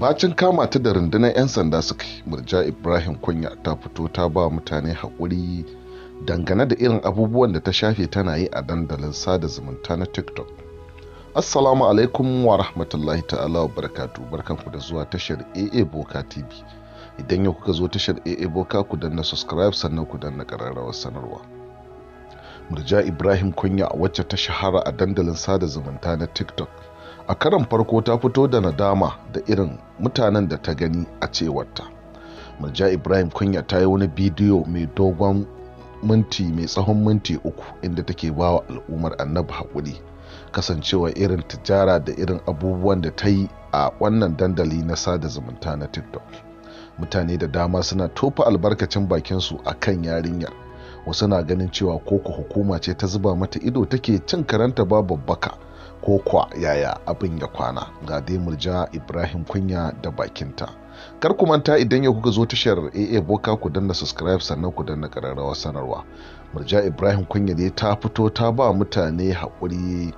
bacin kama ta da rundunar 'yan sanda suka murja ibrahim kunya ta fito ta ba mutane haƙuri dangane da irin abubuwan da ta shafe tana yi a dandalin sada zumunta na tiktok assalamu alaikum wa rahmatullahi ta'ala wa barakatu barkanku da zuwa tashar aa boka tv idan yau kuka zo tashar aa boka ku danna subscribe sannan ku danna ƙararrawar sanarwa murja ibrahim kunya wacce ta shahara a dandalin sada zumunta na tiktok a karon farko ta fito da nadama da irin mutanen da ta gani a cewarta murja ibrahim kunya ta yi wani bidiyo mai dogon minti mai tsawon minti uku inda take ba wa al'ummar annabi haƙuri kasancewa irin tijara da irin abubuwan da ta yi a wannan dandali na sada zumunta na tiktok mutane da dama suna tofa albarkacin bakinsu a kan yarinyar wasu na ganin cewa koko hukuma ce ta zuba mata ido take cin karanta baka ko kwa yaya abin ya kwana ga dai murja ibrahim kunya da bakinta kar ku manta idan yau kuka zo tashar aa boka ku danna subscribe sannan ku danna kararrawa sanarwa murja ibrahim kunya ne ta fito ta ba mutane haƙuri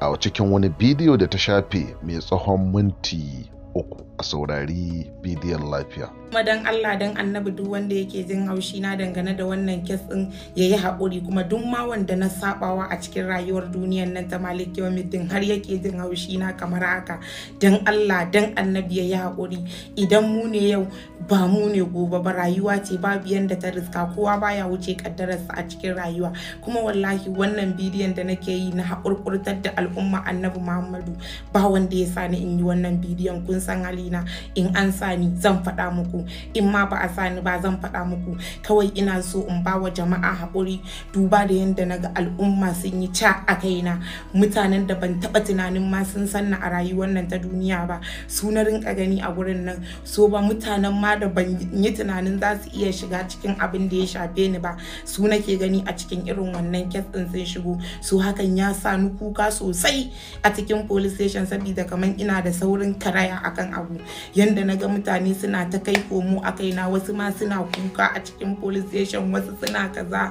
a cikin wani bidiyo da ta shafe mai tsawon minti uku a saurari bidiyon lafiya. kuma Allah dan annabi duk wanda yake jin haushi na dangane da wannan kes din ya yi haƙuri kuma duk ma wanda na sabawa a cikin rayuwar duniyar nan ta malik yawmiddin har yake jin haushi na kamar haka dan Allah dan annabi ya yi haƙuri idan mu ne yau ba mu ne gobe ba rayuwa ce babu yanda ta riska kowa baya wuce kaddararsa a cikin rayuwa kuma wallahi wannan bidiyon da nake yi na haƙurƙurtar da al'umma annabi Muhammadu ba wanda ya sani in yi wannan bidiyon kun san hali na in an sani zan faɗa muku in ma ba a sani ba zan faɗa muku kawai ina so in ba wa jama'a haƙuri duba da yadda na ga al'umma sun yi ca a kaina mutanen da ban taɓa tunanin ma sun sanna a rayuwar nan ta duniya ba su na rinka gani a gurin nan so ba mutanen ma da ban yi tunanin za su iya shiga cikin abin da ya shafe ni ba su nake gani a cikin irin wannan kes ɗin sun shigo su hakan ya sa ni kuka sosai a cikin police station saboda kamar ina da saurin karaya akan abu yanda na ga mutane suna ta kai komo a kaina wasu ma suna kuka a cikin police station wasu suna kaza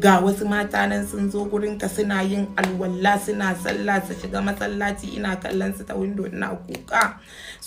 ga wasu mata nan sun zo gurin suna yin alwalla suna sallah su shiga masallaci ina kallon su ta window ina kuka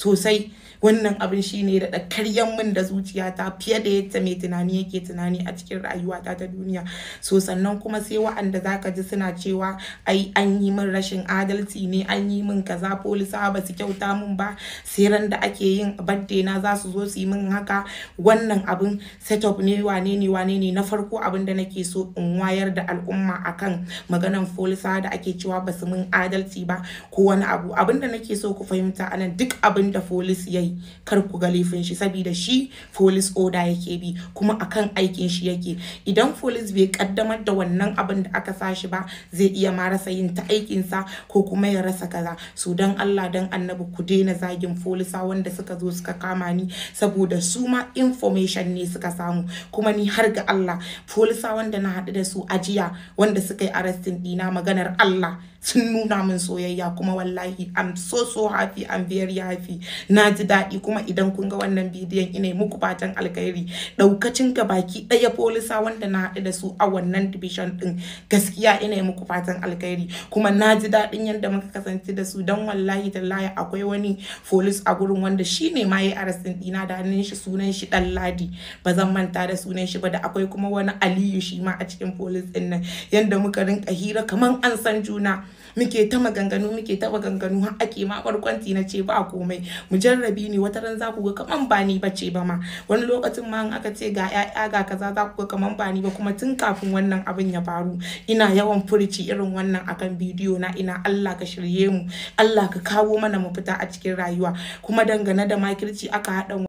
sosai wannan abin shine da da karyan min da zuciyata fiye da yadda mai tunani yake tunani a cikin rayuwata ta duniya so sannan kuma sai wa'anda zaka ji suna cewa ai an yi min rashin adalci ne an yi min kaza polisa ba su kyauta min ba sai ran da ake yin birthday na za su zo su yi min haka wannan abin setup ne wane ne wane ne na farko abin da nake so in wayar da al'umma akan maganan polisa da ake cewa ba su min adalci ba ko wani abu abin da nake so ku fahimta anan duk abin da polis ya kar ku ga laifin shi saboda shi police order yake bi kuma akan aikin shi yake idan police bai kaddamar da wannan abin da aka sa shi ba zai iya marasa rasa yin ta aikin sa ko kuma ya rasa kaza su dan Allah dan annabi ku daina zagin polisa wanda suka zo suka kama ni saboda su ma information ne suka samu kuma ni har ga Allah polisa wanda na hadu da su a jiya wanda suka yi arresting dina maganar Allah sun nuna min soyayya kuma wallahi I'm so so happy I'm very happy na ji da. daɗi kuma idan kun ga wannan bidiyon ina muku fatan alkhairi daukacin ga baki ɗaya polisa wanda na haɗu da su a wannan division ɗin gaskiya ina muku fatan alkhairi kuma na ji daɗin yadda muka kasance da su don wallahi tallahi akwai wani folis a gurin wanda shi ne ma ya arasin ɗina da hannun shi sunan shi ɗan ladi ba zan manta da sunan shi ba da akwai kuma wani aliyu shi ma a cikin folis ɗin nan yadda muka rinka hira kaman an san juna muke ta maganganu muke ta maganganu har ake ma barkwanti na ce ba komai mu mujarrabi addini wata ran za ku ga kaman ba ni bace ba ma wani lokacin ma in aka ce ga 'ya'ya ga kaza za ku ga kaman ba ni ba kuma tun kafin wannan abin ya faru ina yawan furuci irin wannan akan bidiyo na ina Allah ka shirye mu Allah ka kawo mana mafita a cikin rayuwa kuma dangane da makirci aka haɗa